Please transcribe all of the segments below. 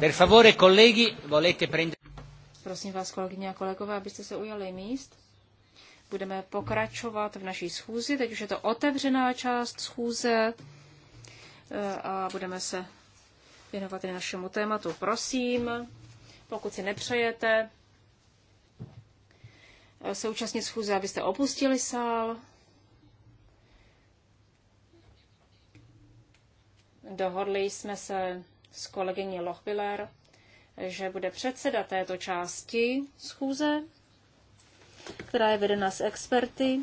Per favore, colleghi, volete prendere... Prosím vás, kolegyně a kolegové, abyste se ujali míst. Budeme pokračovat v naší schůzi. Teď už je to otevřená část schůze eh, a budeme se věnovat i našemu tématu. Prosím, pokud si nepřejete eh, současně schůze, abyste opustili sál. Dohodli jsme se s kolegyní Lochbiller, že bude předseda této části schůze, která je vedena s experty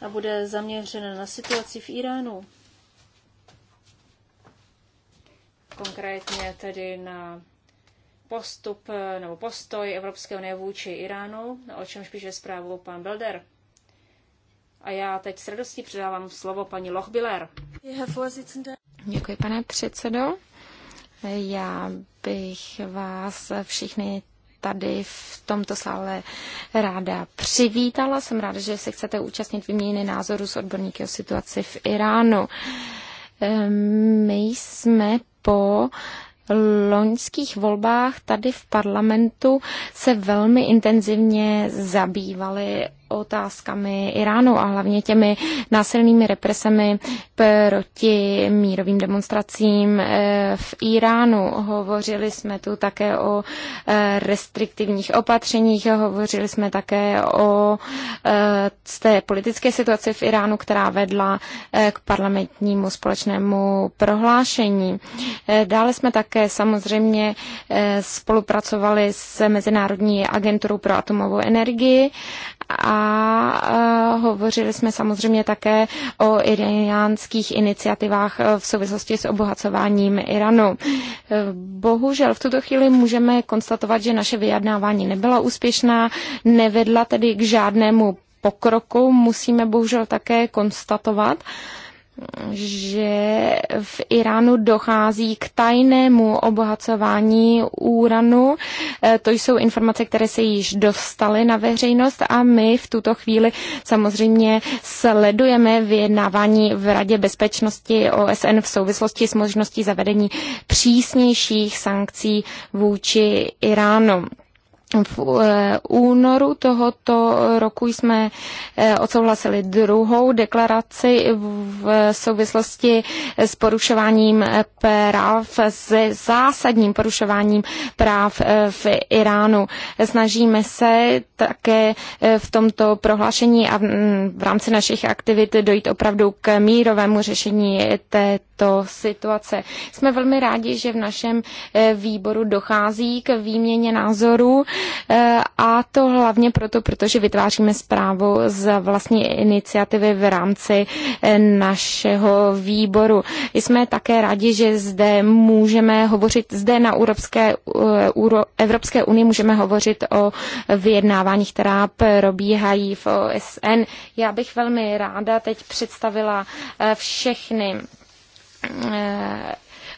a bude zaměřena na situaci v Iránu. Konkrétně tedy na postup nebo postoj Evropské unie vůči Iránu, o čemž píše zprávu pan Belder. A já teď s radostí předávám slovo paní Lochbiller. Děkuji, pane předsedo. Já bych vás všichni tady v tomto sále ráda přivítala. Jsem ráda, že se chcete účastnit výměny názoru s odborníky o situaci v Iránu. Ehm, my jsme po loňských volbách tady v parlamentu se velmi intenzivně zabývali otázkami Iránu a hlavně těmi násilnými represemi proti mírovým demonstracím eh, v Iránu. Hovořili jsme tu také o eh, restriktivních opatřeních, hovořili jsme také o eh, té politické situaci v Iránu, která vedla k parlamentnímu společnému prohlášení. Dále jsme také samozřejmě spolupracovali s Mezinárodní agenturou pro atomovou energii a eh, hovořili jsme samozřejmě také o iránských iniciativách eh, v souvislosti s obohacováním Iranu. Eh, bohužel v tuto chvíli můžeme konstatovat, že naše vyjednávání nebyla úspěšná, nevedla tedy k žádnému pokroku. Musíme bohužel také konstatovat, uh, že v Iránu dochází k tajnému obohacování úranu. Eh, to jsou informace, které se již dostaly na veřejnost a my v tuto chvíli samozřejmě sledujeme vyjednávání v Radě bezpečnosti OSN v souvislosti s možností zavedení přísnějších sankcí vůči Iránu. V eh, únoru tohoto roku jsme eh, odsouhlasili druhou deklaraci v souvislosti s porušováním eh, práv, s zásadním porušováním práv v Iránu. Snažíme se také v tomto prohlášení a v rámci našich aktivit dojít opravdu k mírovému řešení této situace. Jsme velmi rádi, že v našem výboru dochází k výměně názorů Eh, a to hlavně proto, protože vytváříme zprávu z vlastní iniciativy v rámci eh, našeho výboru. Jsme také rádi, že zde můžeme hovořit, zde na Evropské, eh, Evropské unii můžeme hovořit o vyjednáváních, která probíhají v OSN. Já bych velmi ráda teď představila všechny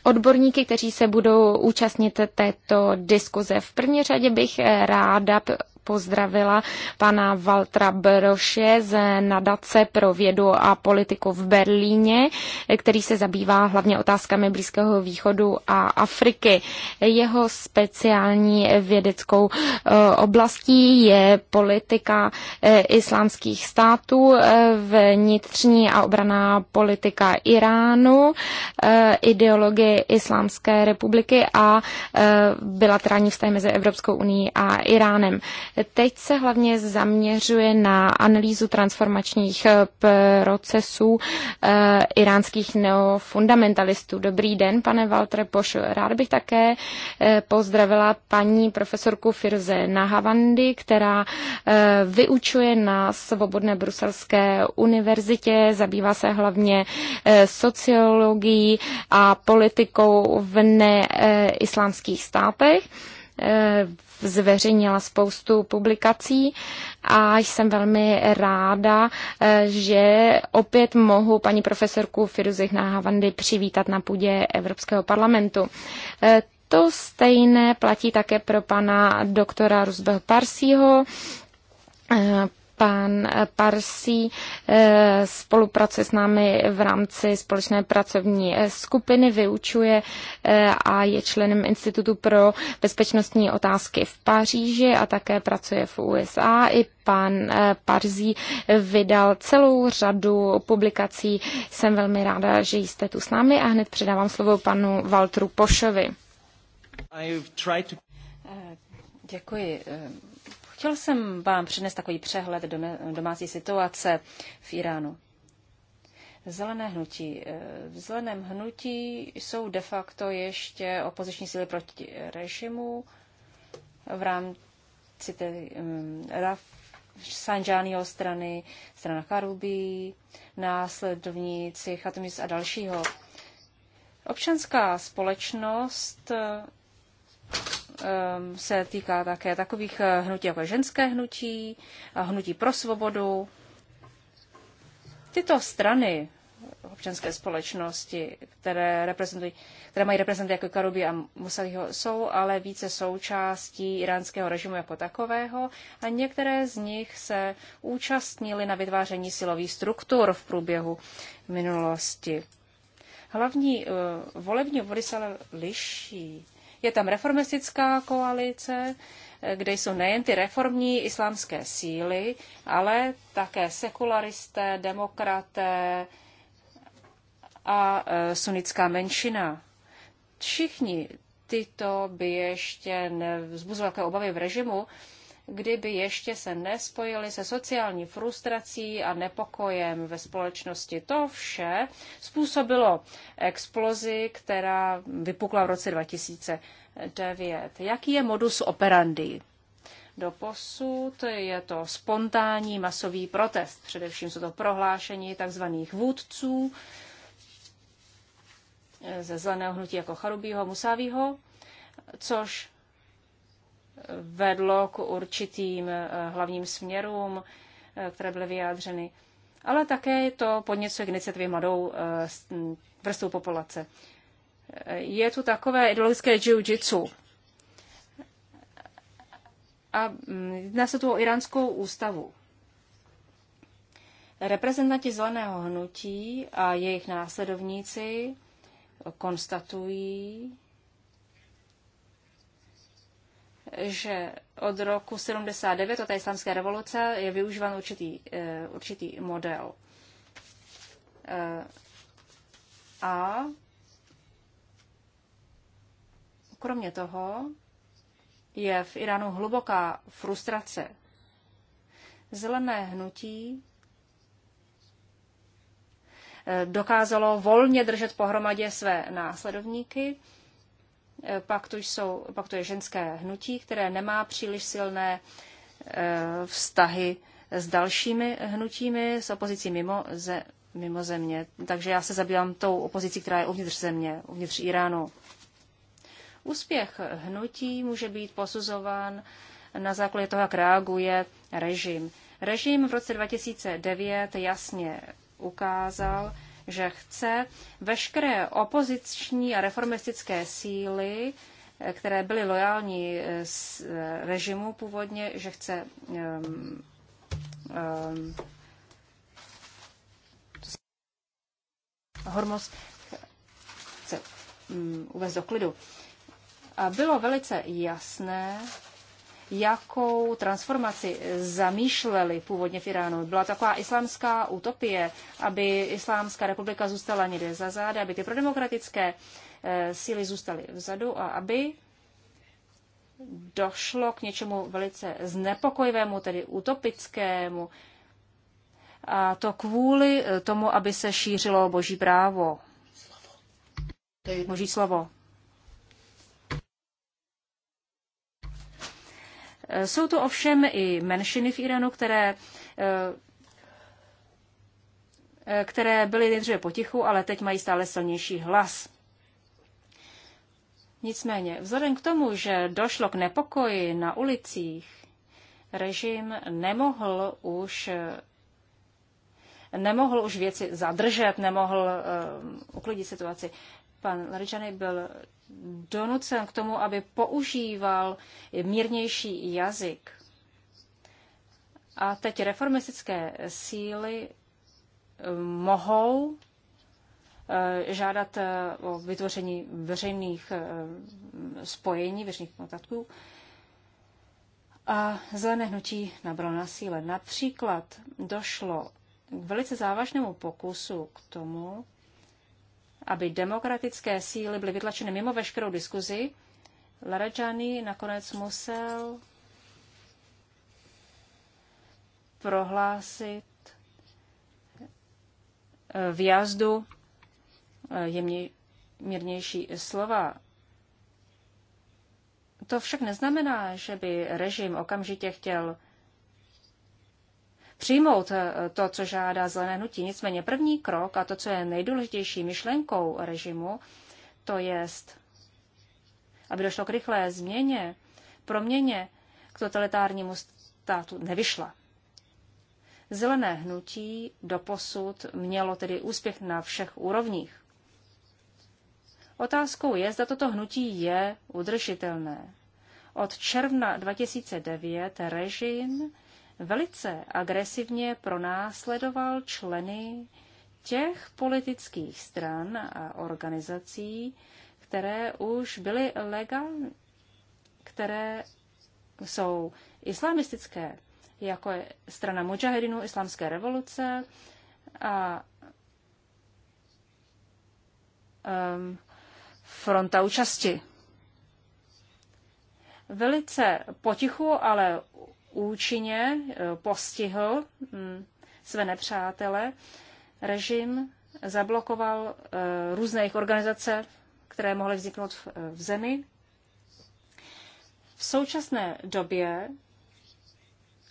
odborníky, kteří se budou účastnit této diskuze. V první řadě bych ráda pozdravila pana Valtra Broše z nadace pro vědu a politiku v Berlíně, který se zabývá hlavně otázkami Blízkého východu a Afriky. Jeho speciální vědeckou eh, oblastí je politika eh, islámských států, eh, vnitřní a obraná politika Iránu, ideologie Islámské republiky a bilaterální vztahy mezi Evropskou unii a Iránem. Teď se hlavně zaměřuje na analýzu transformačních eh, procesů eh, iránských neofundamentalistů. Dobrý den, pane Walter Poš. Rád bych také eh, pozdravila paní profesorku Firze Nahavandy, která vyučuje na Svobodné bruselské univerzitě, zabývá se hlavně sociologií a politikou v neislámských státech. Eh, zveřejnila spoustu publikací a jsem velmi ráda, eh, že opět mohu paní profesorku Firuzich Nahavandy přivítat na půdě Evropského parlamentu. Eh, to stejné platí také pro pana doktora Rusbeho Parsího, Pan Parsi eh, spolupracuje s námi v rámci společné pracovní eh, skupiny, vyučuje eh, a je členem Institutu pro bezpečnostní otázky v Paříži a také pracuje v USA. I pan Parzí vydal celou řadu publikací. Jsem velmi ráda, že jste tu s námi a hned předávám slovo panu Valtru Pošovi. Děkuji. Chtěl jsem vám přinést takový přehled domácí situace v Iránu. Zelené hnutí. Eh, v zeleném hnutí jsou de facto ještě opoziční síly proti režimu v rámci té eh, RAF Sanjányho strany, strana Karubí, následovníci Chatmis a dalšího. Občanská společnost Ehm, se týká také takových eh, hnutí, jako ženské hnutí, hnutí pro svobodu. Tyto strany občanské společnosti, které, reprezentují, které mají reprezentanty jako Karubi a Musaliho, jsou ale více součástí iránského režimu jako takového a některé z nich se účastnili na vytváření silových struktur v průběhu minulosti. Hlavní uh, volební obvody se ale liší je tam reformistická koalice, kde jsou nejen ty reformní islámské síly, ale také sekularisté, demokraté a e, sunnická menšina. Všichni tyto by ještě nevzbuzovali obavy v režimu, kdyby ještě se nespojili se sociální frustrací a nepokojem ve společnosti. To vše způsobilo explozi, která vypukla v roce 2009. Jaký je modus operandi? Do posud je to spontánní masový protest. Především jsou to prohlášení tzv. vůdců ze zeleného hnutí jako Charubího, Musavího, což vedlo k určitým eh, hlavním směrům, eh, které byly vyjádřeny. Ale také to podněcuje k iniciativě mladou eh, vrstvu populace. Je tu takové ideologické jiu-jitsu. A mm, jedná se tu o iránskou ústavu. Reprezentanti zeleného hnutí a jejich následovníci konstatují, že od roku 79, od té islámské revoluce, je využívan určitý, eh, určitý model. Eh, a kromě toho je v Iránu hluboká frustrace. Zelené hnutí eh, dokázalo volně držet pohromadě své následovníky, pak to jsou, pak je ženské hnutí, které nemá příliš silné eh, vztahy s dalšími hnutími, s opozicí mimo, ze, mimo země. Takže já se zabývám tou opozicí, která je uvnitř země, uvnitř Iránu. Úspěch hnutí může být posuzován na základě toho, jak reaguje režim. Režim v roce 2009 jasně ukázal, že chce veškeré opoziční a reformistické síly, eh, které byly lojální eh, s eh, režimu původně, že chce um, ehm, um, ehm, Hormos chce um, uvést do klidu. A bylo velice jasné, jakou transformaci zamýšleli původně v Iránu. Byla taková islámská utopie, aby Islámská republika zůstala někde za záda, aby ty prodemokratické eh, síly zůstaly vzadu a aby došlo k něčemu velice znepokojivému, tedy utopickému, a to kvůli eh, tomu, aby se šířilo boží právo. Boží slovo. Eh, jsou to ovšem i menšiny v Iránu, které eh, eh, které byly nejdříve potichu, ale teď mají stále silnější hlas. Nicméně, vzhledem k tomu, že došlo k nepokoji na ulicích, režim nemohl už nemohl už věci zadržet, nemohl uh, uklidit situaci pan Larijany byl donucen k tomu, aby používal mírnější jazyk. A teď reformistické síly eh, mohou eh, žádat eh, o vytvoření veřejných spojení, veřejných kontaktů. A zelené hnutí nabralo na síle. Například došlo k velice závažnému pokusu k tomu, aby demokratické síly byly vytlačeny mimo veškerou diskuzi, Larajani nakonec musel prohlásit eh, vjazdu eh, jemně, mírnější slova. To však neznamená, že by režim okamžitě chtěl přijmout eh, to, co žádá zelené hnutí. Nicméně první krok a to, co je nejdůležitější myšlenkou režimu, to jest, aby došlo k rychlé změně, proměně k totalitárnímu státu nevyšla. Zelené hnutí doposud mělo tedy úspěch na všech úrovních. Otázkou je, zda toto hnutí je udržitelné. Od června 2009 režim velice agresivně pronásledoval členy těch politických stran a organizací, které už byly legální, které jsou islamistické, jako je strana Mujahedinu, islámské revoluce a um, fronta účasti. Velice potichu, ale účinně eh, postihl hm, své nepřátele. Režim zablokoval eh, různé jejich organizace, které mohly vzniknout v eh, zemi. V současné době,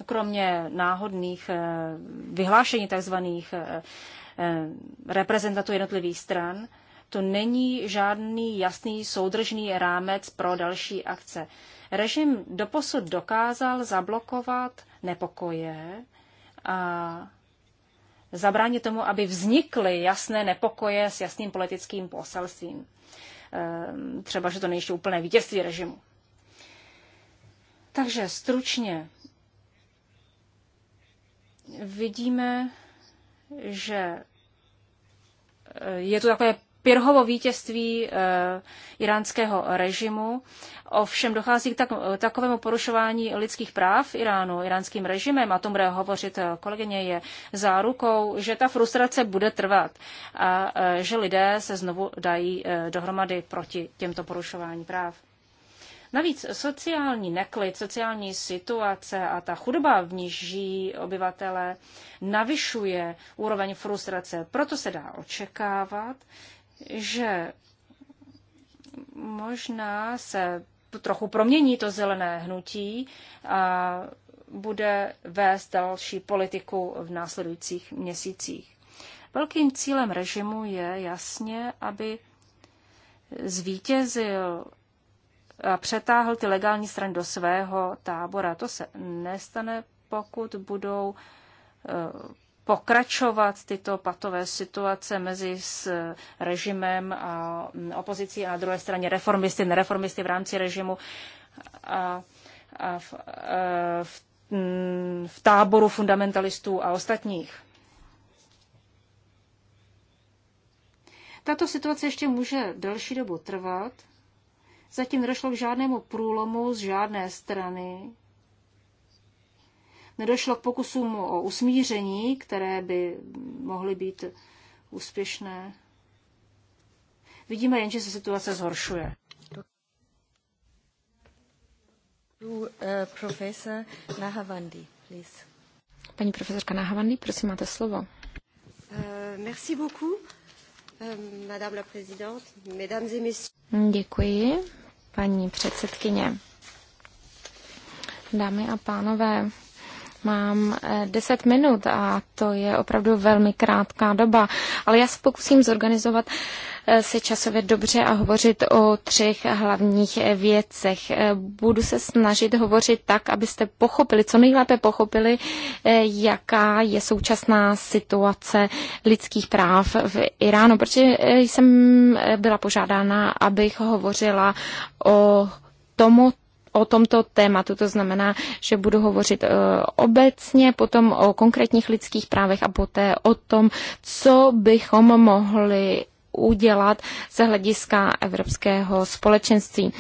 kromě náhodných vyhlášení tzv. reprezentantů jednotlivých stran, to není žádný jasný soudržný rámec pro další akce. Režim doposud dokázal zablokovat nepokoje a zabránit tomu, aby vznikly jasné nepokoje s jasným politickým poselstvím. Ehm, třeba, že to není ještě úplné vítězství režimu. Takže stručně vidíme, že eh, je to takové Pirhovo vítězství eh, iránského režimu. Ovšem dochází k tak, takovému porušování lidských práv Iránu, iránským režimem, a tom bude hovořit eh, kolegyně, je zárukou, že ta frustrace bude trvat a eh, že lidé se znovu dají dohromady proti těmto porušování práv. Navíc sociální neklid, sociální situace a ta chudoba, v níž žijí obyvatele, navyšuje úroveň frustrace. Proto se dá očekávat, že možná se trochu promění to zelené hnutí a bude vést další politiku v následujících měsících. Velkým cílem režimu je jasně, aby zvítězil a přetáhl ty legální strany do svého tábora. To se nestane, pokud budou eh, pokračovat tyto patové situace mezi s režimem a opozicí a na druhé straně reformisty, nereformisty v rámci režimu a, a v, a v, v táboru fundamentalistů a ostatních. Tato situace ještě může delší dobu trvat. Zatím nedošlo k žádnému průlomu z žádné strany, nedošlo k pokusům o usmíření, které by mohly být úspěšné. Vidíme jen, že se situace zhoršuje. Eh, profesor Nahavandi, Paní profesorka Nahavandi, prosím, máte slovo. Eh, merci beaucoup, eh, madame la présidente, mesdames et messieurs. Děkuji, paní předsedkyně. Dámy a pánové, mám 10 eh, minut a to je opravdu velmi krátká doba, ale já se pokusím zorganizovat eh, se časově dobře a hovořit o třech hlavních eh, věcech. Budu se snažit hovořit tak, abyste pochopili, co nejlépe pochopili, jaká je současná situace lidských práv v Iránu, protože jsem byla požádána, abych hovořila o tomu, o tomto tématu. To znamená, že budu hovořit eh, obecně, potom o konkrétních lidských právech a poté o tom, co bychom mohli udělat ze hlediska evropského společenství.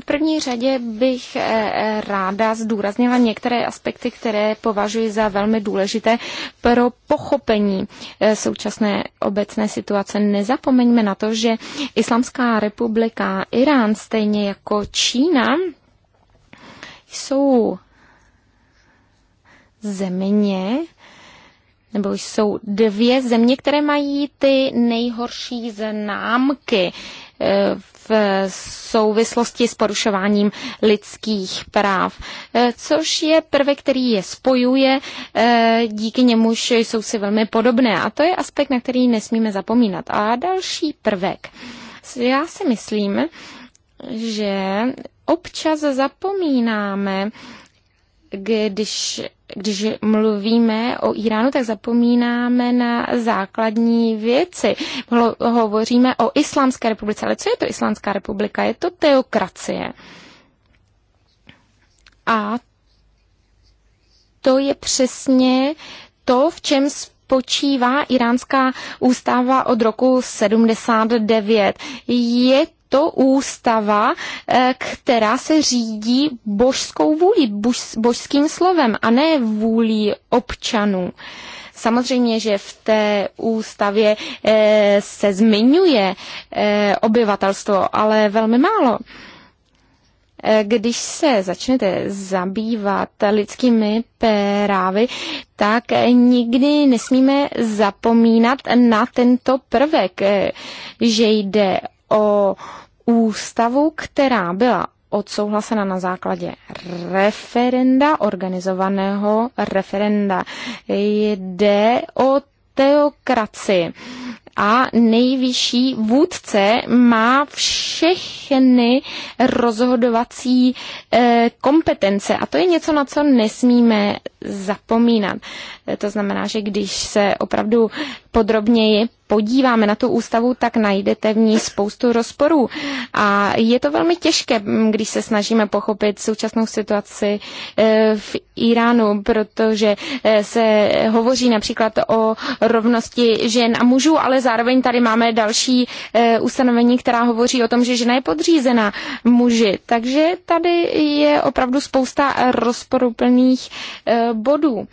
V první řadě bych eh, ráda zdůraznila některé aspekty, které považuji za velmi důležité pro pochopení eh, současné obecné situace. Nezapomeňme na to, že Islamská republika Irán, stejně jako Čína, jsou země, nebo jsou dvě země, které mají ty nejhorší známky eh, v souvislosti s porušováním lidských práv, eh, což je prvek, který je spojuje, eh, díky němuž jsou si velmi podobné. A to je aspekt, na který nesmíme zapomínat. A další prvek. Já si myslím, že občas zapomínáme, když, když mluvíme o Iránu, tak zapomínáme na základní věci. Ho, hovoříme o Islámské republice, ale co je to Islámská republika? Je to teokracie. A to je přesně to, v čem spočívá iránská ústava od roku 79. Je to ústava, eh, která se řídí božskou vůli bož, božským slovem a ne vůli občanů. Samozřejmě, že v té ústavě eh, se zmiňuje eh, obyvatelstvo, ale velmi málo. Když se začnete zabývat lidskými právy, tak nikdy nesmíme zapomínat na tento prvek, že jde o ústavu, která byla odsouhlasena na základě referenda, organizovaného referenda. Jde o teokracii a nejvyšší vůdce má všechny rozhodovací eh, kompetence. A to je něco, na co nesmíme zapomínat. Eh, to znamená, že když se opravdu podrobněji podíváme na tu ústavu, tak najdete v ní spoustu rozporů. A je to velmi těžké, mm, když se snažíme pochopit současnou situaci eh, v Iránu, protože se hovoří například o rovnosti žen a mužů, ale zároveň tady máme další eh, ustanovení, která hovoří o tom, že žena je podřízená muži. Takže tady je opravdu spousta rozporuplných eh, bodů.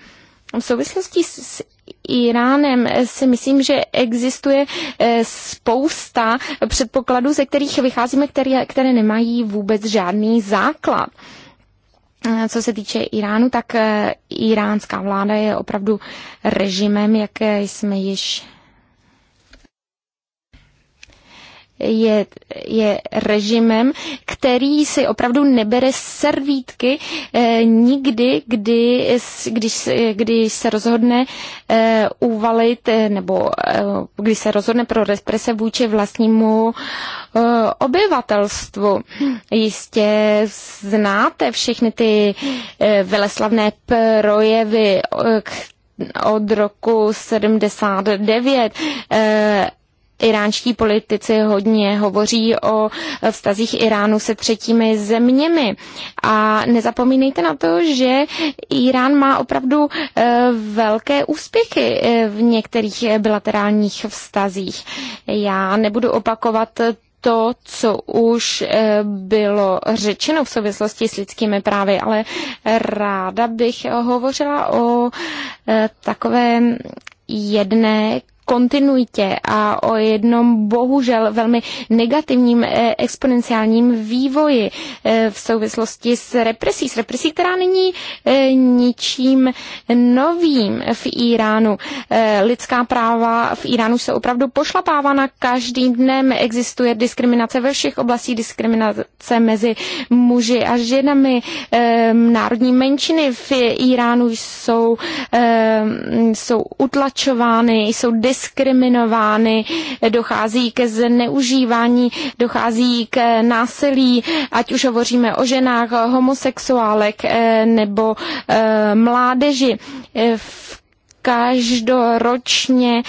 V souvislosti s Iránem eh, si myslím, že existuje spousta předpokladů, ze kterých vycházíme, které, které nemají vůbec žádný základ. Co se týče Iránu, tak iránská vláda je opravdu režimem, jaké jsme již je, je režimem, který si opravdu nebere servítky eh, nikdy, kdy, když, eh, když se rozhodne eh, uvalit eh, nebo eh, když se rozhodne pro represe vůči vlastnímu eh, obyvatelstvu. Jistě znáte všechny ty eh, veleslavné projevy, eh, od roku 79 iránští politici hodně hovoří o vztazích Iránu se třetími zeměmi. A nezapomínejte na to, že Irán má opravdu eh, velké úspěchy eh, v některých bilaterálních vztazích. Já nebudu opakovat to, co už eh, bylo řečeno v souvislosti s lidskými právy, ale ráda bych hovořila o takové jedné kontinuitě a o jednom bohužel velmi negativním eh, exponenciálním vývoji eh, v souvislosti s represí, s represí, která není eh, ničím novým v Iránu. Lidská práva v Iránu jsou opravdu pošlapávána každým dnem, existuje diskriminace ve všech oblastích, diskriminace mezi muži a ženami, ehm, národní menšiny v Iránu jsou, ehm, jsou utlačovány, jsou diskriminovány, diskriminovány, dochází ke zneužívání, dochází k násilí, ať už hovoříme o ženách, homosexuálek eh, nebo eh, mládeži. Eh, v každoročně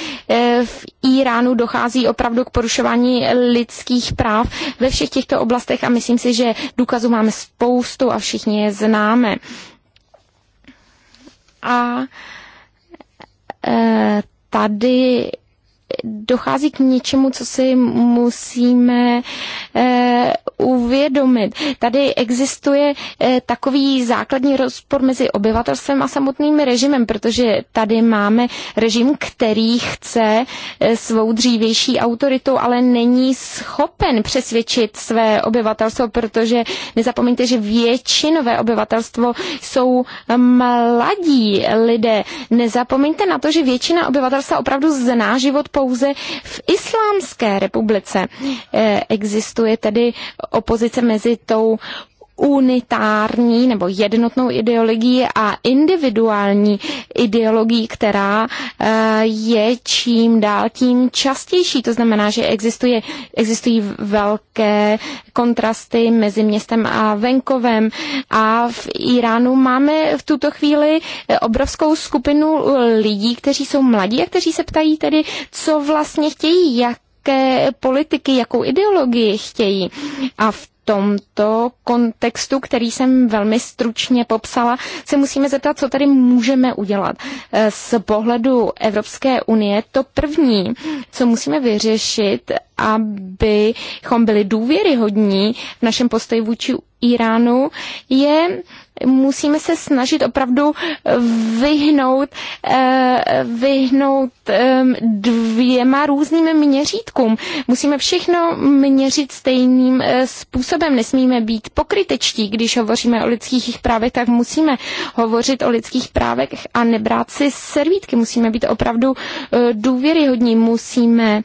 v Iránu dochází opravdu k porušování lidských práv ve všech těchto oblastech a myslím si, že důkazů máme spoustu a všichni je známe. A tady dochází k něčemu, co si musíme e, uvědomit. Tady existuje e, takový základní rozpor mezi obyvatelstvem a samotným režimem, protože tady máme režim, který chce e, svou dřívější autoritu, ale není schopen přesvědčit své obyvatelstvo, protože nezapomeňte, že většinové obyvatelstvo jsou mladí lidé. Nezapomeňte na to, že většina obyvatelstva opravdu zná život po pouze v Islámské republice. Eh, existuje tedy opozice mezi tou unitární nebo jednotnou ideologii a individuální ideologii, která eh, je čím dál tím častější. To znamená, že existuje, existují velké kontrasty mezi městem a venkovem a v Iránu máme v tuto chvíli eh, obrovskou skupinu lidí, kteří jsou mladí a kteří se ptají tedy, co vlastně chtějí, jaké politiky, jakou ideologii chtějí. A v tomto kontextu, který jsem velmi stručně popsala, se musíme zeptat, co tady můžeme udělat. Eh, z pohledu Evropské unie to první, co musíme vyřešit, abychom byli důvěryhodní v našem postoji vůči Iránu, je musíme se snažit opravdu eh, vyhnout, eh, vyhnout ehm, dvěma různým měřítkům. Musíme všechno měřit stejným eh, způsobem. Nesmíme být pokrytečtí, když hovoříme o lidských právech, tak musíme hovořit o lidských právech a nebrát si servítky. Musíme být opravdu důvěryhodní, musíme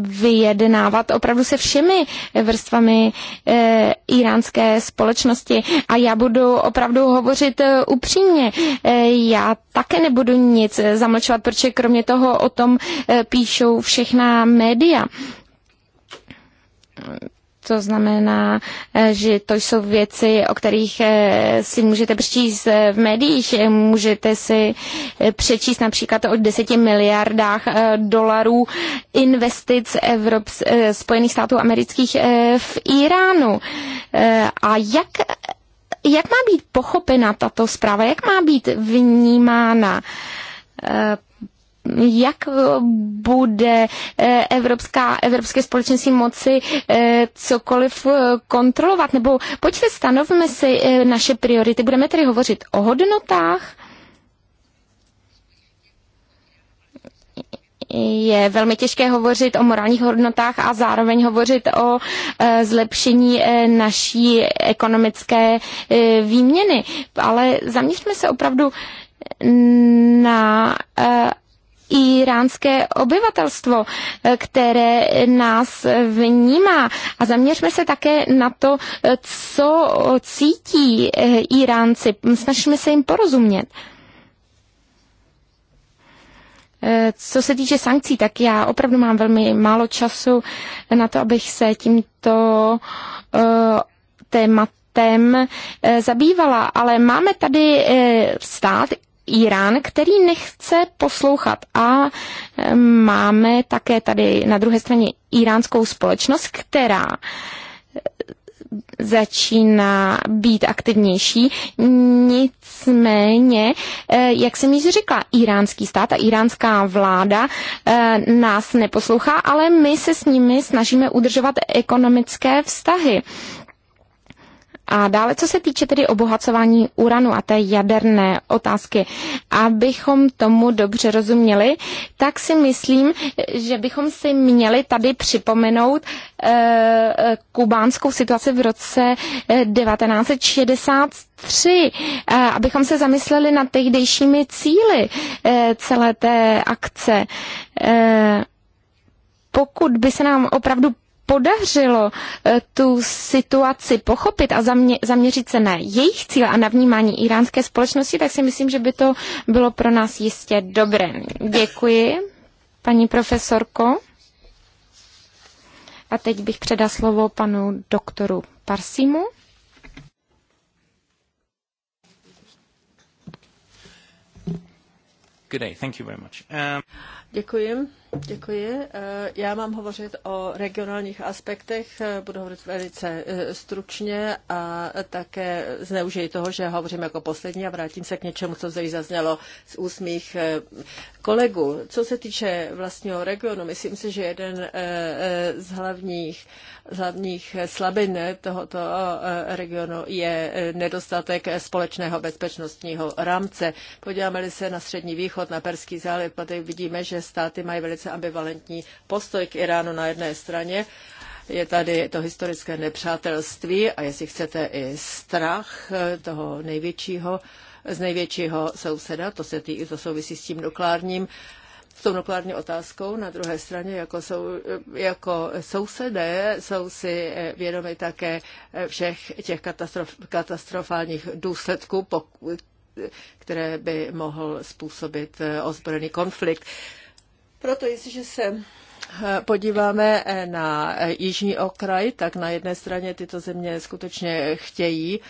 vyjednávat opravdu se všemi vrstvami e, iránské společnosti. A já budu opravdu hovořit eh, upřímně. E, já také nebudu nic zamlčovat, protože kromě toho o tom píšou všechna média to znamená, eh, že to jsou věci, o kterých eh, si můžete přečíst eh, v médiích. Můžete si přečíst například o 10 miliardách dolarů investic Evrop, Spojených států amerických v Iránu. A jak jak má být pochopena tato zpráva, jak má být vnímána? jak bude eh, Evropská, Evropské společenství moci eh, cokoliv eh, kontrolovat? Nebo pojďte, stanovme si naše priority. Budeme tedy hovořit o hodnotách? je velmi těžké hovořit o morálních hodnotách a zároveň hovořit o zlepšení naší ekonomické výměny. Ale zaměřme se opravdu na iránské obyvatelstvo, které nás vnímá. A zaměřme se také na to, co cítí eh, Iránci. Snažíme se jim porozumět. Eh, co se týče sankcí, tak já opravdu mám velmi málo času na to, abych se tímto eh, tématem zabývala, ale máme tady stát Irán, který nechce poslouchat. A eh, máme také tady na druhé straně iránskou společnost, která eh, začíná být aktivnější. Nicméně, eh, jak jsem již řekla, iránský stát a iránská vláda nás neposlouchá, ale my se s nimi snažíme udržovat ekonomické vztahy. A dále, co se týče tedy obohacování uranu a té jaderné otázky, abychom tomu dobře rozuměli, tak si myslím, že bychom si měli tady připomenout e, kubánskou situaci v roce 1960 eh, tři, eh, abychom se zamysleli nad tehdejšími cíly celé té akce. Pokud by se nám opravdu podařilo eh, tu situaci pochopit a zamě, zaměřit se na jejich cíle a na vnímání iránské společnosti, tak si myslím, že by to bylo pro nás jistě dobré. Děkuji, paní profesorko. A teď bych předal slovo panu doktoru Parsimu. Good day. Thank you very much. Um... Děkuji. Děkuji. Eh, já mám hovořit o regionálních aspektech, eh, budu hovořit velice eh, stručně a také zneužiji toho, že hovořím jako poslední a vrátím se k něčemu, co zde zaznělo z úsmích kolegů. Co se týče vlastního regionu, myslím si, že jeden z hlavních, z hlavních slabin tohoto regionu je nedostatek společného bezpečnostního rámce. Podíváme-li se na Střední východ, na Perský záliv, tady vidíme, že státy mají velice ambivalentní postoj k Iránu na jedné straně. Je tady to historické nepřátelství a jestli chcete i strach eh, toho největšího, z největšího souseda, to se tý, to souvisí s tím nukleárním s tou nukleární otázkou. Na druhé straně, jako, sou, eh, jako sousedé, jsou si eh, vědomi také všech těch katastrof, katastrofálních důsledků, pokud, které by mohl způsobit ozbrojený konflikt. Proto jestliže se eh, podíváme eh, na eh, jižní okraj, tak na jedné straně tyto země skutečně chtějí,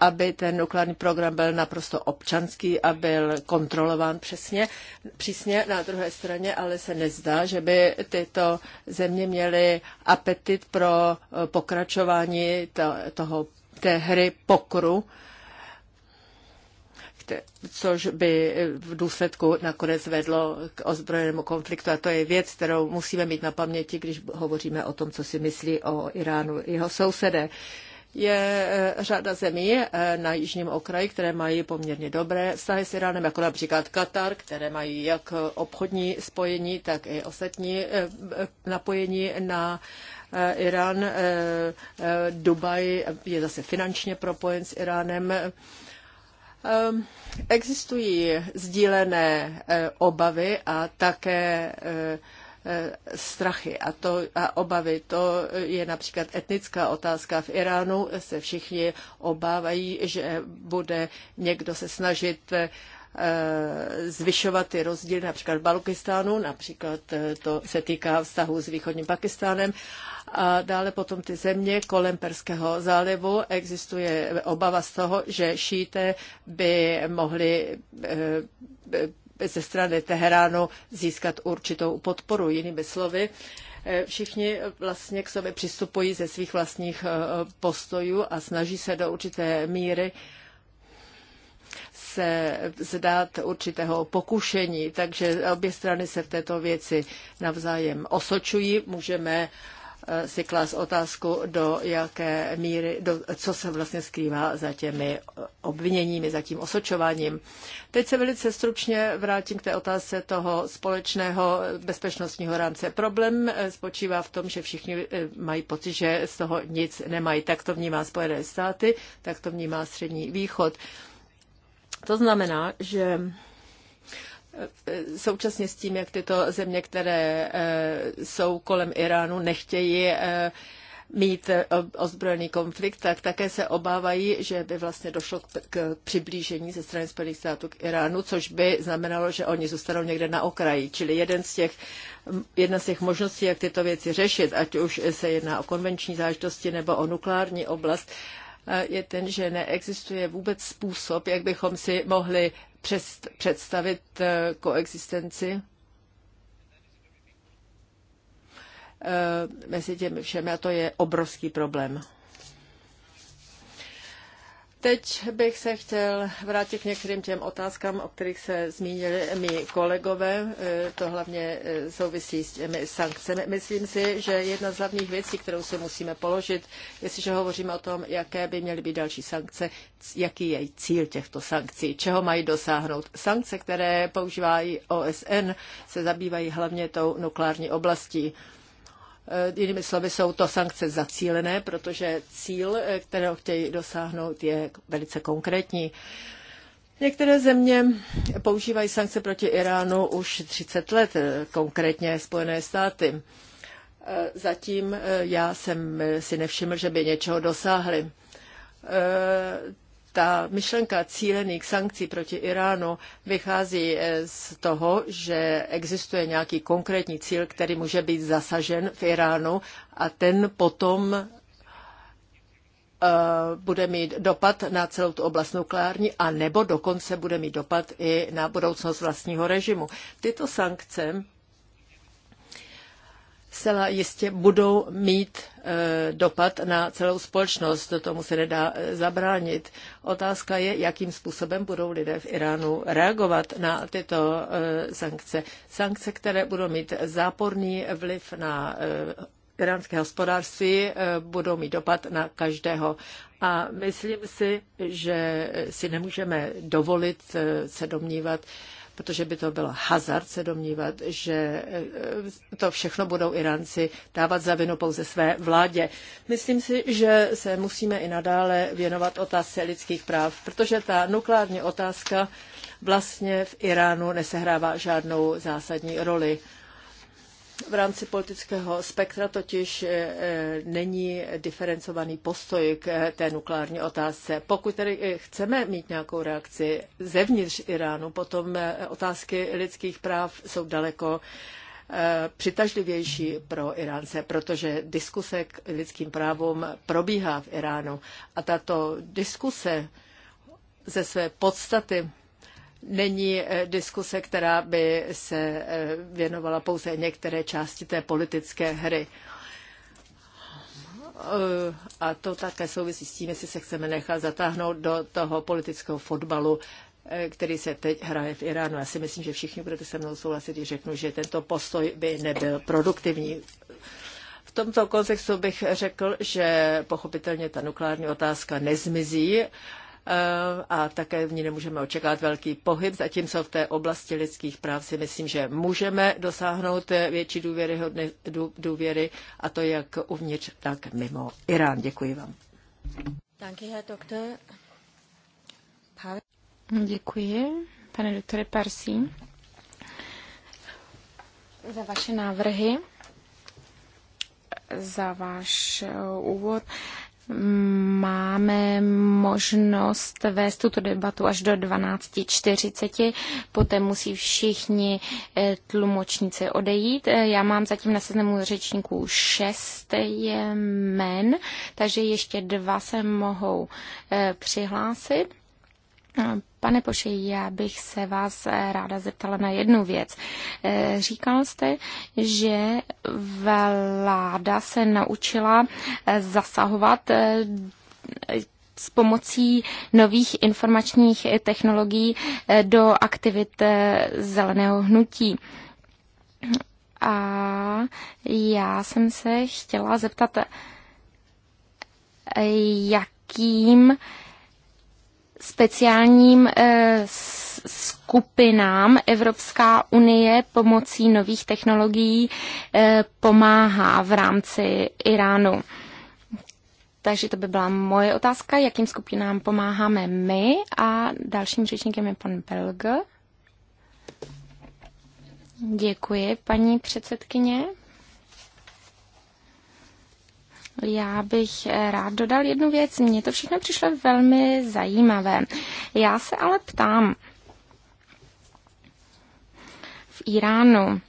aby ten nukleární program byl naprosto občanský a byl kontrolován přesně, přísně. Na druhé straně ale se nezdá, že by tyto země měly apetit pro pokračování toho, té hry pokru což by v důsledku nakonec vedlo k ozbrojenému konfliktu. A to je věc, kterou musíme mít na paměti, když hovoříme o tom, co si myslí o Iránu jeho sousedé. Je eh, řada zemí eh, na jižním okraji, které mají poměrně dobré vztahy s Iránem, jako například Katar, které mají jak obchodní spojení, tak i ostatní eh, napojení na Irán. Dubaj je zase finančně propojen s Iránem. Ehm, existují sdílené eh, obavy a také eh, eh, strachy a, to, a obavy. To je například etnická otázka. V Iránu se všichni obávají, že bude někdo se snažit Eh, zvyšovat ty rozdíly například v Balkistánu, například eh, to se týká vztahu s východním Pakistánem a dále potom ty země kolem Perského zálivu. Existuje obava z toho, že šíte by mohli eh, ze strany Teheránu získat určitou podporu. Jinými slovy, všichni vlastně k sobě přistupují ze svých vlastních postojů a snaží se do určité míry uh, se zdát určitého pokušení, takže obě strany se v této věci navzájem osočují. Můžeme eh, si klást otázku, do jaké míry, do, co se vlastně skrývá za těmi obviněními, za tím osočováním. Teď se velice stručně vrátím k té otázce toho společného bezpečnostního rámce. Problém eh, spočívá v tom, že všichni eh, mají pocit, že z toho nic nemají. Tak to vnímá Spojené státy, tak to vnímá Střední východ. To znamená, že eh, současně s tím, jak tyto země, které eh, jsou kolem Iránu, nechtějí eh, mít ozbrojený konflikt, tak také se obávají, že by vlastně došlo k, přiblížení ze strany Spojených států k Iránu, což by znamenalo, že oni zůstanou někde na okraji. Čili jeden z těch, jedna z těch možností, jak tyto věci řešit, ať už se jedná o konvenční záležitosti nebo o nukleární oblast, je ten, že neexistuje vůbec způsob, jak bychom si mohli představit eh, koexistenci eh, mezi těmi všemi a to je obrovský problém. Teď bych se chtěl vrátit k některým těm otázkám, o kterých se zmínili mý kolegové. E, to hlavně e, souvisí s těmi sankcemi. Myslím si, že jedna z hlavních věcí, kterou si musíme položit, jestliže hovoříme o tom, jaké by měly být další sankce, jaký je cíl těchto sankcí, čeho mají dosáhnout. Sankce, které používají OSN, se zabývají hlavně tou nukleární oblastí. Eh, jinými slovy, jsou to sankce zacílené, protože cíl, eh, kterého chtějí dosáhnout, je velice konkrétní. Některé země používají sankce proti Iránu už 30 let, eh, konkrétně Spojené státy. Zatím já jsem si nevšiml, že by něčeho dosáhli ta myšlenka cílených sankcí proti Iránu vychází eh, z toho, že existuje nějaký konkrétní cíl, který může být zasažen v Iránu a ten potom eh, bude mít dopad na celou tu oblast nukleární a nebo dokonce bude mít dopad i na budoucnost vlastního režimu. Tyto sankce zcela jistě budou mít e, dopad na celou společnost. Do tomu se nedá e, zabránit. Otázka je, jakým způsobem budou lidé v Iránu reagovat na tyto e, sankce. Sankce, které budou mít záporný vliv na iránské hospodářství, budou mít dopad na každého. A myslím si, že si nemůžeme dovolit se domnívat, protože by to byl hazard se domnívat, že eh, to všechno budou Iránci dávat za vinu pouze své vládě. Myslím si, že se musíme i nadále věnovat otázce lidských práv, protože ta nukleární otázka vlastně v Iránu nesehrává žádnou zásadní roli v rámci politického spektra totiž eh, eh, není diferencovaný postoj k eh, té nukleární otázce. Pokud tedy chceme mít nějakou reakci zevnitř Iránu, potom otázky lidských práv jsou daleko přitažlivější pro Iránce, protože diskuse k lidským právům probíhá v Iránu a tato diskuse ze své podstaty není eh, diskuse, která by se eh, věnovala pouze některé části té politické hry. Eh, a to také souvisí s tím, jestli se chceme nechat zatáhnout do toho politického fotbalu, který se teď hraje v Iránu. Já si myslím, že všichni budete se mnou souhlasit, když řeknu, že tento postoj by nebyl produktivní. V tomto kontextu bych řekl, že pochopitelně ta nukleární otázka nezmizí Eh, a také v ní nemůžeme očekávat velký pohyb, zatímco v té oblasti lidských práv si myslím, že můžeme dosáhnout větší důvěry, důvěry a to jak uvnitř, tak mimo Irán. Děkuji vám. Děkuji, pane doktore Parsi, za vaše návrhy, za váš eh, úvod máme možnost vést tuto debatu až do 12.40. Poté musí všichni eh, tlumočníci odejít. Eh, já mám zatím na seznamu řečníků šest jmen, takže ještě dva se mohou eh, přihlásit. Pane Poši, já bych se vás eh, ráda zeptala na jednu věc. Eh, říkal jste, že vláda se naučila eh, zasahovat s pomocí nových informačních technologií do aktivit zeleného hnutí. A já jsem se chtěla zeptat, jakým speciálním eh, skupinám Evropská unie pomocí nových technologií eh, pomáhá v rámci Iránu. Takže to by byla moje otázka, jakým skupinám pomáháme my a dalším řečníkem je pan Belg. Děkuji, paní předsedkyně. Já bych eh, rád dodal jednu věc. Mně to všechno přišlo velmi zajímavé. Já se ale ptám, v Iránu,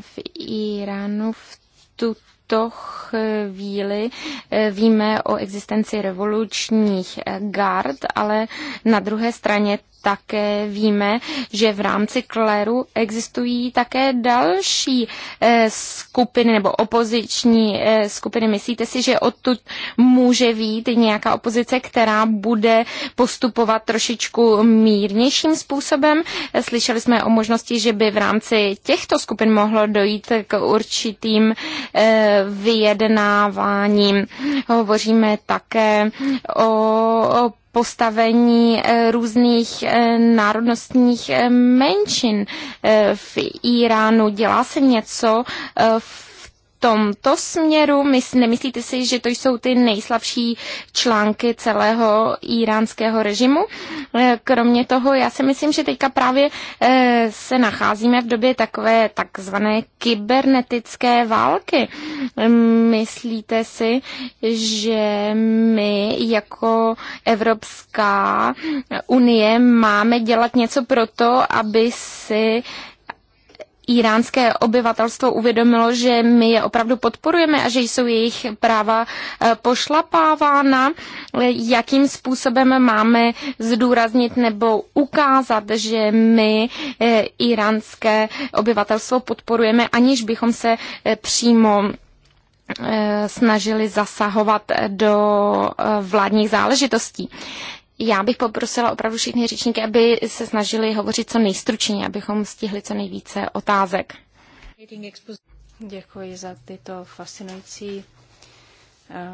v Iránu v tuto tuto chvíli eh, víme o existenci revolučních eh, gard, ale na druhé straně také víme, že v rámci kleru existují také další eh, skupiny nebo opoziční skupiny. Myslíte si, že odtud může být nějaká opozice, která bude postupovat trošičku mírnějším způsobem? Slyšeli jsme o možnosti, že by v rámci těchto skupin mohlo dojít k určitým vyjednáváním. Hovoříme také o postavení eh, různých eh, národnostních eh, menšin v Iránu. Dělá se něco v tomto směru? Mysl, nemyslíte si, že to jsou ty nejslabší články celého iránského režimu? Eh, kromě toho, já si myslím, že teďka právě eh, se nacházíme v době takové takzvané kybernetické války. Hm, myslíte si, že my jako Evropská unie máme dělat něco pro to, aby si iránské obyvatelstvo uvědomilo, že my je opravdu podporujeme a že jsou jejich práva e, pošlapávána, e, jakým způsobem máme zdůraznit nebo ukázat, že my e, iránské obyvatelstvo podporujeme, aniž bychom se přímo snažili zasahovat do vládních záležitostí já bych poprosila opravdu všichni řečníky, aby se snažili hovořit co nejstručněji, abychom stihli co nejvíce otázek. Děkuji za tyto fascinující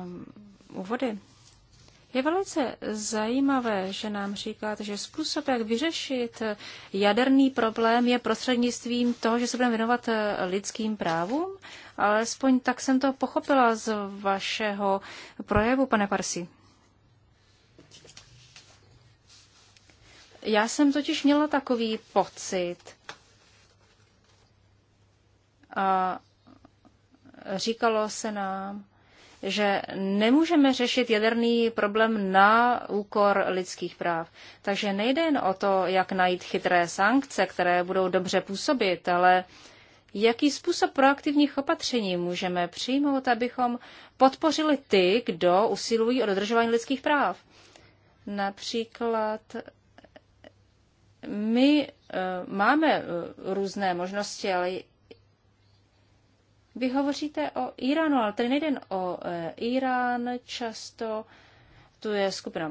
um, úvody. Je velice zajímavé, že nám říkáte, že způsob, jak vyřešit jaderný problém, je prostřednictvím toho, že se budeme věnovat eh, lidským právům. Alespoň tak jsem to pochopila z vašeho projevu, pane Parsi. Já jsem totiž měla takový pocit, a říkalo se nám, že nemůžeme řešit jaderný problém na úkor lidských práv. Takže nejde jen o to, jak najít chytré sankce, které budou dobře působit, ale jaký způsob proaktivních opatření můžeme přijmout, abychom podpořili ty, kdo usilují o dodržování lidských práv. Například my eh, máme eh, různé možnosti, ale vy hovoříte o Iránu, ale tady nejde o eh, Irán často. Tu je skupina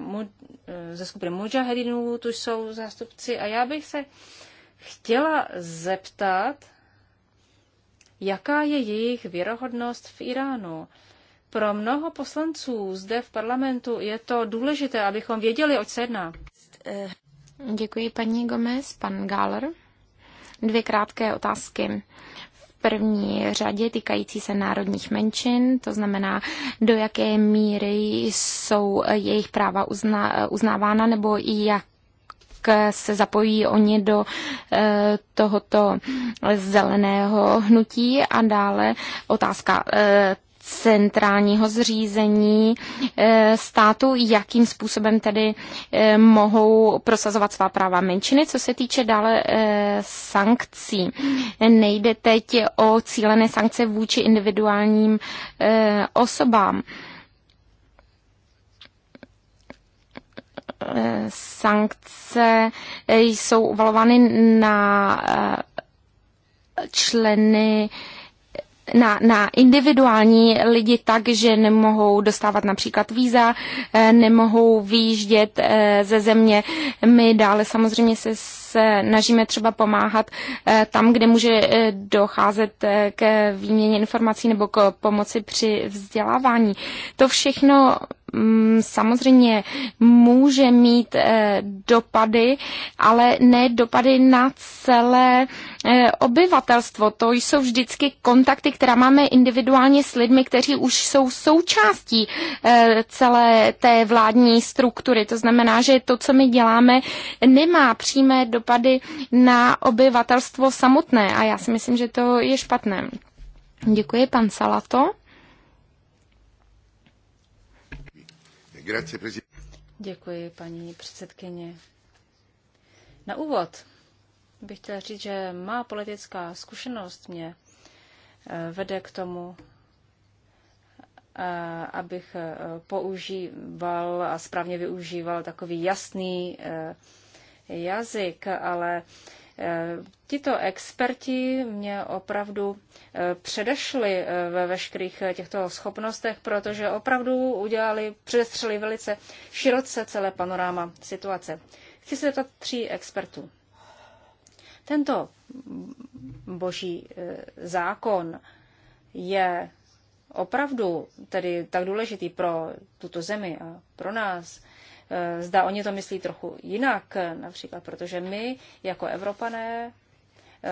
ze skupiny mujahedinů, tu jsou zástupci. A já bych se chtěla zeptat, jaká je jejich věrohodnost v Iránu. Pro mnoho poslanců zde v parlamentu je to důležité, abychom věděli, oč se jedná. Děkuji paní Gomez, pan Gáler. Dvě krátké otázky V první řadě týkající se národních menšin, to znamená, do jaké míry jsou jejich práva uznávána nebo i jak se zapojí oni do eh, tohoto zeleného hnutí a dále otázka eh, centrálního zřízení eh, státu, jakým způsobem tedy eh, mohou prosazovat svá práva menšiny. Co se týče dále eh, sankcí, nejde teď o cílené sankce vůči individuálním osobám. Sankce jsou uvalovány na členy na, na individuální lidi tak, že nemohou dostávat například víza, eh, nemohou výjíždět eh, ze země. My dále samozřejmě se snažíme třeba pomáhat eh, tam, kde může docházet k výměně informací nebo k pomoci při vzdělávání. To všechno Mm, samozřejmě může mít eh, dopady, ale ne dopady na celé eh, obyvatelstvo. To jsou vždycky kontakty, která máme individuálně s lidmi, kteří už jsou součástí eh, celé té vládní struktury. To znamená, že to, co my děláme, nemá přímé dopady na obyvatelstvo samotné a já si myslím, že to je špatné. Děkuji, pan Salato. Děkuji, paní předsedkyně. Na úvod bych chtěla říct, že má politická zkušenost mě eh, vede k tomu, eh, abych eh, používal a správně využíval takový jasný jazyk, ale Tito experti mě opravdu eh, předešli eh, ve veškerých eh, těchto schopnostech, protože opravdu udělali, předestřeli velice široce celé panoráma situace. Chci se zeptat tří expertů. Tento boží zákon je opravdu tedy tak důležitý pro tuto zemi a pro nás, Eh, zda oni to myslí trochu jinak, například protože my jako Evropané eh,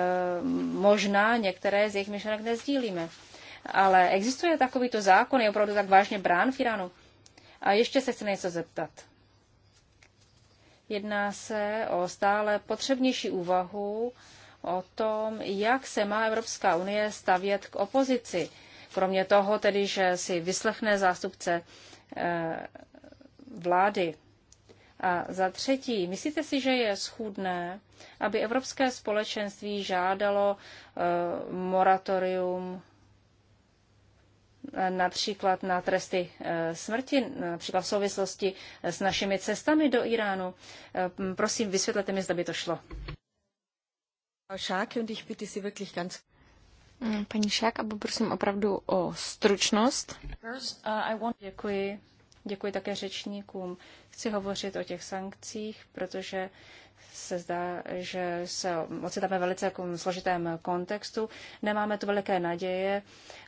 možná některé z jejich myšlenek nezdílíme. Ale existuje takovýto zákon, je opravdu tak vážně brán v Iránu? A ještě se chci něco zeptat. Jedná se o stále potřebnější úvahu o tom, jak se má Evropská unie stavět k opozici. Kromě toho tedy, že si vyslechne zástupce eh, vlády. A za třetí, myslíte si, že je schůdné, aby Evropské společenství žádalo uh, moratorium eh, například na tresty eh, smrti, například v souvislosti s našimi cestami do Iránu. Prosím, vysvětlete mi, zda by to šlo. Mm, paní Šák, a prosím opravdu o stručnost. Uh, Děkuji. Děkuji také řečníkům. Chci hovořit o těch sankcích, protože se zdá, že se ocitáme velice jako složitém kontextu. Nemáme tu veliké naděje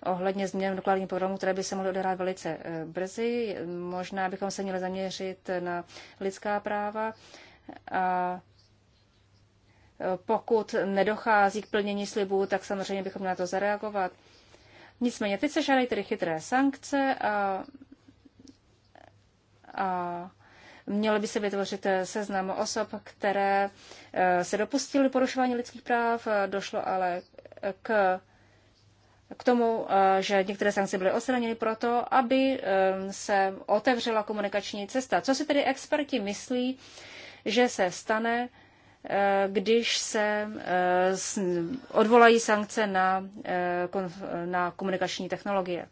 ohledně změn nukleárních programů, které by se mohly odehrát velice eh, brzy. Možná bychom se měli zaměřit na lidská práva. A eh, pokud nedochází k plnění slibů, tak samozřejmě bychom na to zareagovat. Nicméně teď se žádají tedy chytré sankce a a měly by se vytvořit eh, seznam osob, které eh, se dopustily porušování lidských práv, eh, došlo ale k, k tomu, že některé sankce byly odstraněny proto, aby se otevřela komunikační cesta. Co si tedy experti myslí, že se stane, když se odvolají sankce na, na komunikační technologie?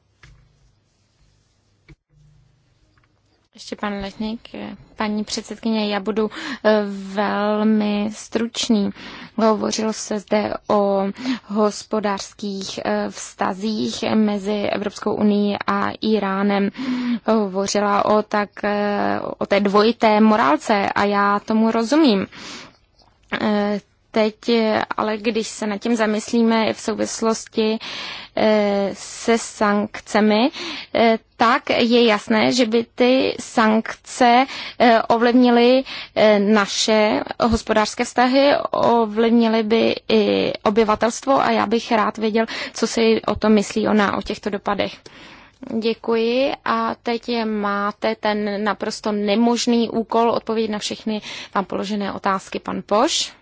Ještě pan Letník, eh, paní předsedkyně, já budu eh, velmi stručný. Hovořilo se zde o hospodářských eh, vztazích mezi Evropskou unii a Iránem. Hovořila o, tak, o té dvojité morálce a já tomu rozumím teď, ale když se nad tím zamyslíme v souvislosti eh, se sankcemi, eh, tak je jasné, že by ty sankce eh, ovlivnily naše hospodářské vztahy, ovlivnily by i obyvatelstvo a já bych rád věděl, co si o tom myslí ona, o těchto dopadech. Děkuji a teď je máte ten naprosto nemožný úkol odpovědět na všechny vám položené otázky, pan Poš.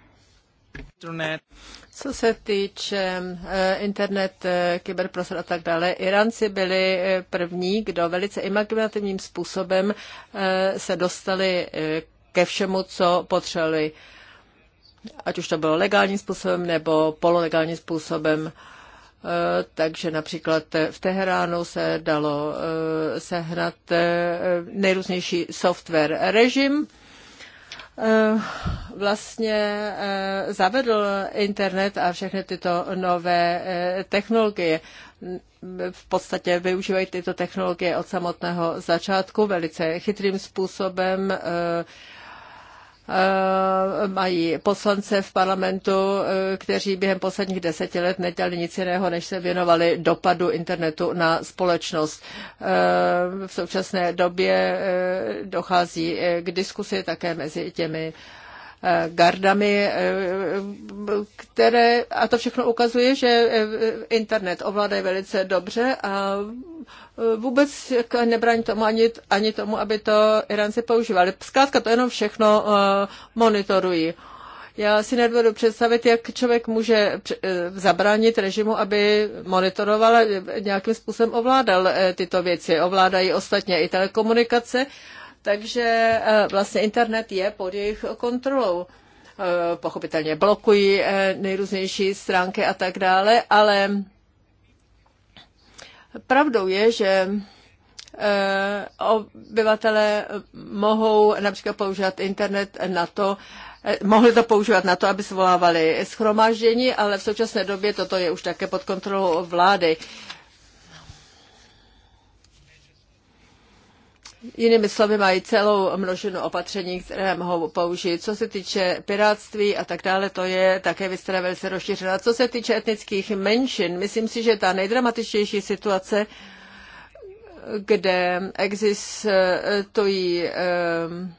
Co se týče eh, internet, eh, kyberprostor a tak dále, Iránci byli eh, první, kdo velice imaginativním způsobem se dostali ke všemu, co potřebovali. Ať už to bylo legálním způsobem nebo pololegálním způsobem. Takže například v Teheránu se dalo sehnat nejrůznější software režim, Eh, vlastně eh, zavedl internet a všechny tyto nové eh, technologie. V podstatě využívají tyto technologie od samotného začátku velice chytrým způsobem Eh, mají poslance v parlamentu, eh, kteří během posledních deseti let nedělali nic jiného, než se věnovali dopadu internetu na společnost. Eh, v současné době dochází k diskusi také mezi těmi gardami, eh, které, a to všechno ukazuje, že eh, internet ovládají velice dobře a eh, vůbec nebrání tomu ani, ani tomu, aby to Iránci používali. Zkrátka to jenom všechno monitorují. Já si nedovedu představit, jak člověk může zabránit režimu, aby monitoroval, nějakým způsobem ovládal tyto věci. Ovládají ostatně i telekomunikace takže eh, vlastně internet je pod jejich kontrolou eh, pochopitelně blokují eh, nejrůznější stránky a tak dále, ale pravdou je, že obyvatele mohou například používat internet na to, mohli to používat na to, aby svolávali schromáždění, ale v současné době toto je už také pod kontrolou vlády. Jinými slovy, mají celou množinu opatření, které mohou použít. Co se týče piráctví a tak dále, to je také výstava velice rozšířena. Co se týče etnických menšin, myslím si, že ta nejdramatičtější situace, kde existují ehm,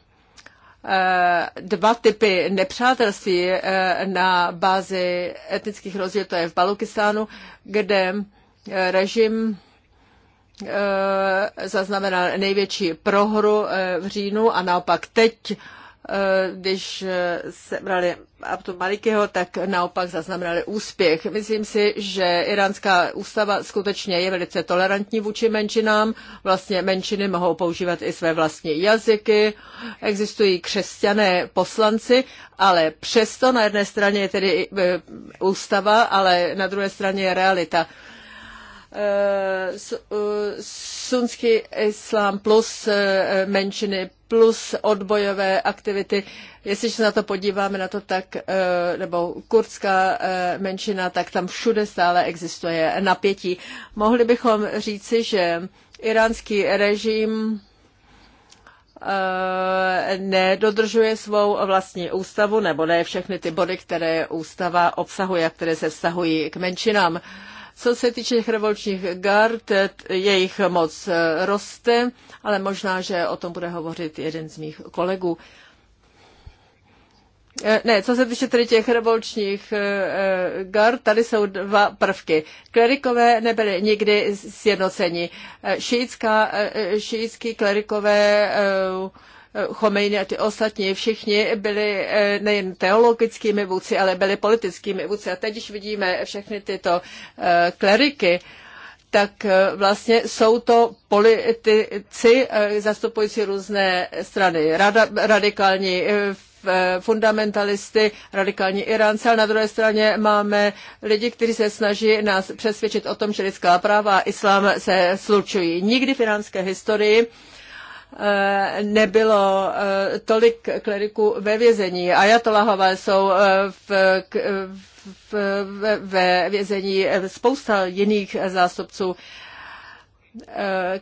eh, dva typy nepřátelství eh, na bázi etnických rozdílů, to je v Balukistánu, kde eh, režim Eh, zaznamenal největší prohru eh, v říjnu a naopak teď, eh, když se brali Abdu Malikyho, tak naopak zaznamenali úspěch. Myslím si, že iránská ústava skutečně je velice tolerantní vůči menšinám. Vlastně menšiny mohou používat i své vlastní jazyky. Existují křesťané poslanci, ale přesto na jedné straně je tedy ústava, ale na druhé straně je realita sunský islám plus e, menšiny plus odbojové aktivity. Jestliže se na to podíváme, na to tak, e, nebo kurdská e, menšina, tak tam všude stále existuje napětí. Mohli bychom říci, že iránský režim nedodržuje svou vlastní ústavu, nebo ne všechny ty body, které ústava obsahuje, které se vztahují k menšinám. Uh, co se týče těch revolučních gard, jejich moc eh, roste, ale možná, že o tom bude hovořit jeden z mých kolegů. Eh, ne, co se týče tedy těch revolučních eh, gard, tady jsou dva prvky. Klerikové nebyli nikdy sjednoceni. Šítská, šítský klerikové Chomejny a ty ostatní, všichni byli eh, nejen teologickými vůdci, ale byli politickými vůdci. A teď, když vidíme všechny tyto eh, kleriky, tak eh, vlastně jsou to politici zastupující různé strany, rada, radikální fundamentalisty, radikální Iránce, ale na druhé straně máme lidi, kteří se snaží nás přesvědčit o tom, že lidská práva a islám se slučují. Nikdy v iránské historii Eh, nebylo eh, tolik kleriků ve vězení. Ajatolahové jsou eh, v, v, ve vězení, spousta jiných zástupců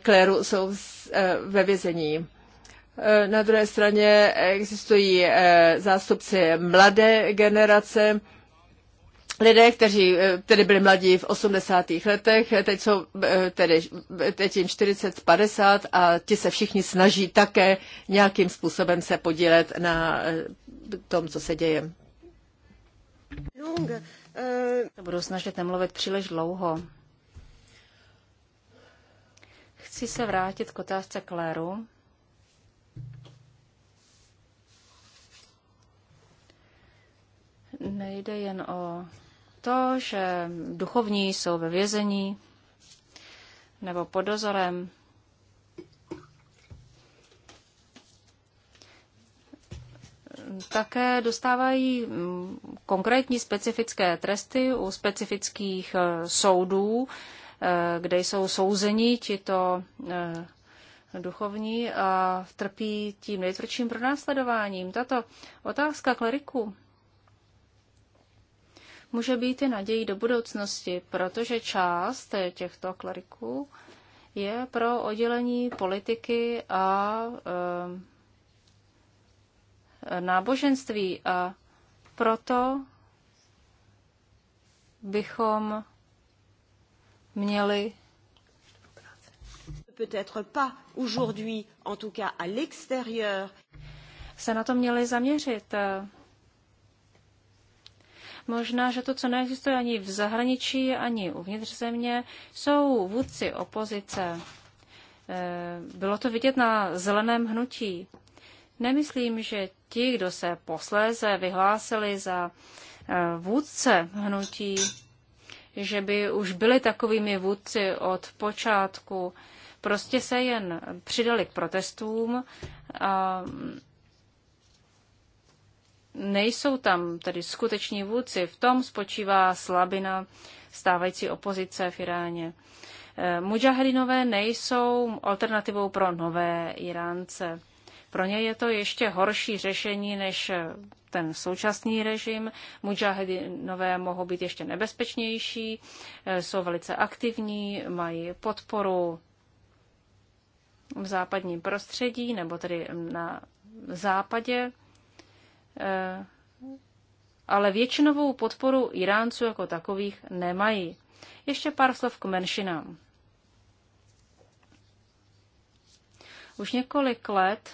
kléru jsou ve vězení. Na druhé straně existují zástupci mladé generace, lidé, kteří eh, tedy byli mladí v 80. letech, eh, teď jsou eh, tedy teď jim 40, 50 a ti se všichni snaží také nějakým způsobem se podílet na tom, co se děje. Lung, uh... Budu snažit nemluvit příliš dlouho. Chci se vrátit k otázce Kléru. Nejde jen o to, že duchovní jsou ve vězení nebo pod dozorem, také dostávají mm, konkrétní specifické tresty u specifických e, soudů, e, kde jsou souzeni tito e, duchovní a trpí tím nejtvrdším pronásledováním. Tato otázka kleriku může být i nadějí do budoucnosti, protože část těchto kleriků je pro oddělení politiky a e, náboženství a proto bychom měli peut-être pas aujourd'hui, en tout cas à l'extérieur. Se na to měli zaměřit Možná, že to, co neexistuje ani v zahraničí, ani uvnitř země, jsou vůdci opozice. Eh, bylo to vidět na zeleném hnutí. Nemyslím, že ti, kdo se posléze vyhlásili za eh, vůdce hnutí, že by už byli takovými vůdci od počátku. Prostě se jen přidali k protestům a nejsou tam tedy skuteční vůdci. V tom spočívá slabina stávající opozice v Iráně. E, mujahedinové nejsou alternativou pro nové Iránce. Pro ně je to ještě horší řešení než ten současný režim. Mujahedinové mohou být ještě nebezpečnější, e, jsou velice aktivní, mají podporu v západním prostředí nebo tedy na západě. Eh, ale většinovou podporu Iránců jako takových nemají. Ještě pár slov k menšinám. Už několik let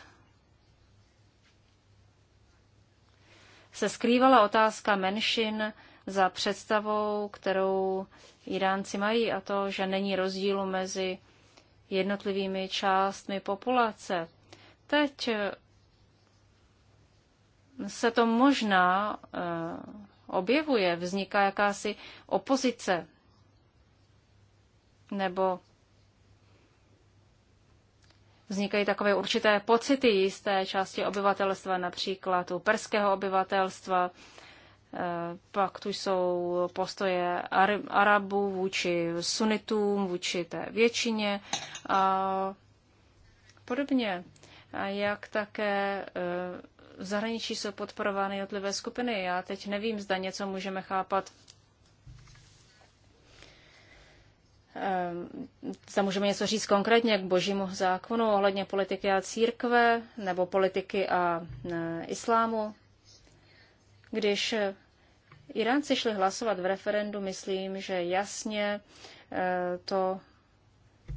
se skrývala otázka menšin za představou, kterou Iránci mají, a to, že není rozdílu mezi jednotlivými částmi populace. Teď se to možná eh, objevuje, vzniká jakási opozice nebo vznikají takové určité pocity jisté části obyvatelstva, například u perského obyvatelstva, eh, pak tu jsou postoje Arabů vůči sunitům, vůči té většině a podobně. A jak také eh, v zahraničí jsou podporovány jednotlivé skupiny. Já teď nevím, zda něco můžeme chápat ehm, Zda můžeme něco říct konkrétně k božímu zákonu ohledně politiky a církve nebo politiky a e, islámu. Když Iránci šli hlasovat v referendu, myslím, že jasně e, to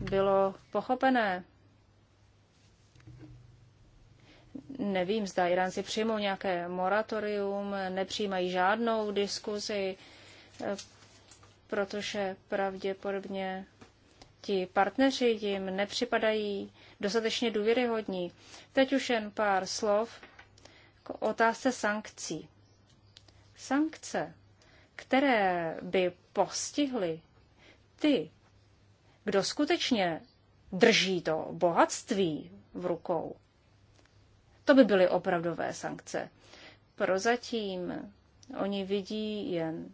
bylo pochopené. Nevím, zda Iránci přijmou nějaké moratorium, nepřijímají žádnou diskuzi, eh, protože pravděpodobně ti partneři jim nepřipadají dostatečně důvěryhodní. Teď už jen pár slov k otázce sankcí. Sankce, které by postihly ty, kdo skutečně drží to bohatství v rukou, to by byly opravdové sankce. Prozatím oni vidí jen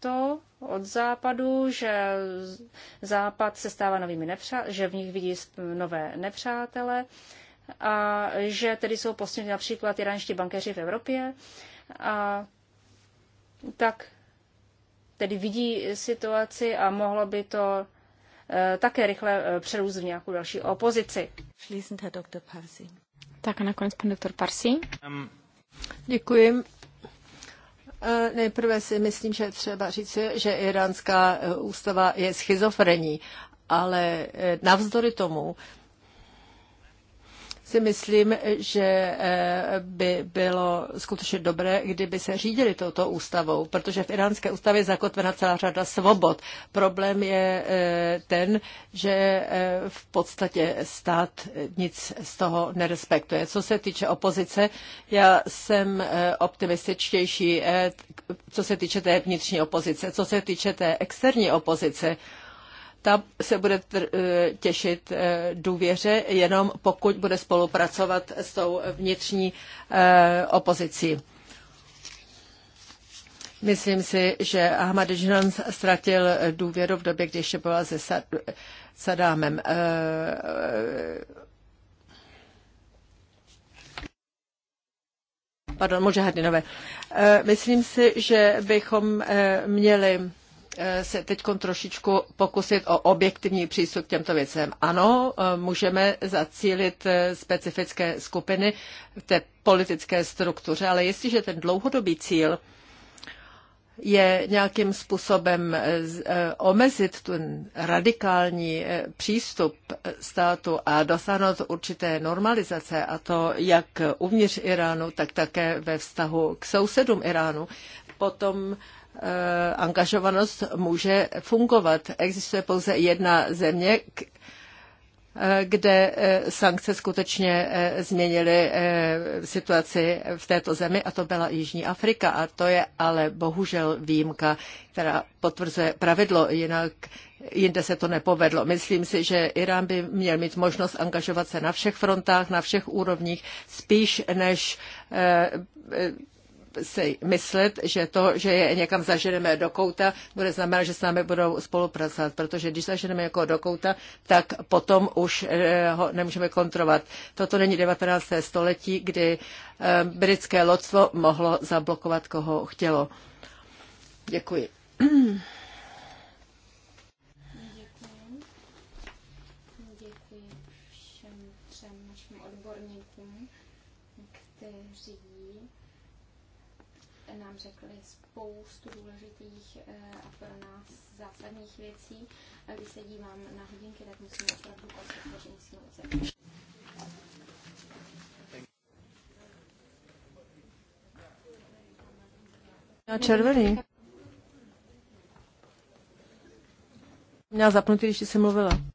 to od západu, že západ se stává novými nepřáteli, že v nich vidí nové nepřátele a že tedy jsou postiženi například iránští bankéři v Evropě a tak tedy vidí situaci a mohlo by to eh, také rychle eh, přerůst v nějakou další opozici. Schließend Herr Dr. Parsin. Tak a nakonec pan doktor Parsi. Děkuji. E, nejprve si myslím, že třeba říci, že iránská e, ústava je schizofrení, ale e, navzdory tomu si myslím, že eh, by bylo skutečně dobré, kdyby se řídili touto ústavou, protože v iránské ústavě je zakotvena celá řada svobod. Problém je eh, ten, že eh, v podstatě stát nic z toho nerespektuje. Co se týče opozice, já jsem optimističtější, co se týče té vnitřní opozice, co se týče té externí opozice, ta se bude eh, těšit eh, důvěře, jenom pokud bude spolupracovat s tou vnitřní eh, opozicí. Myslím si, že Ahmadinejad ztratil důvěru v době, kdy ještě byla se Sadámem. Pardon, Mujahedinové. Myslím si, že bychom měli Eh, se teď trošičku pokusit o objektivní přístup k těmto věcem. Ano, eh, můžeme zacílit eh, specifické skupiny v té politické struktuře, ale jestliže ten dlouhodobý cíl je nějakým způsobem omezit ten radikální přístup státu a dosáhnout určité normalizace, a to jak uvnitř Iránu, tak také ve vztahu k sousedům Iránu, potom Eh, angažovanost může fungovat. Existuje pouze jedna země, eh, kde eh, sankce skutečně změnily situaci v této zemi a to byla Jižní Afrika a to je ale bohužel výjimka, která potvrzuje pravidlo, jinak jinde se to nepovedlo. Myslím si, že Irán by měl mít možnost angažovat se na všech frontách, na všech úrovních, spíš než si myslet, že to, že je někam zaženeme do kouta, bude znamenat, že s námi budou spolupracovat, protože když zaženeme jako do kouta, tak potom už eh, ho nemůžeme kontrolovat. Toto není 19. století, kdy eh, britské lodstvo mohlo zablokovat, koho chtělo. Děkuji. spoustu důležitých eh, a pro nás zásadních věcí. A když se dívám na hodinky, tak musím opravdu poslouchat, že musím uzavřít. červený. Měla zapnutý, když jsi mluvila.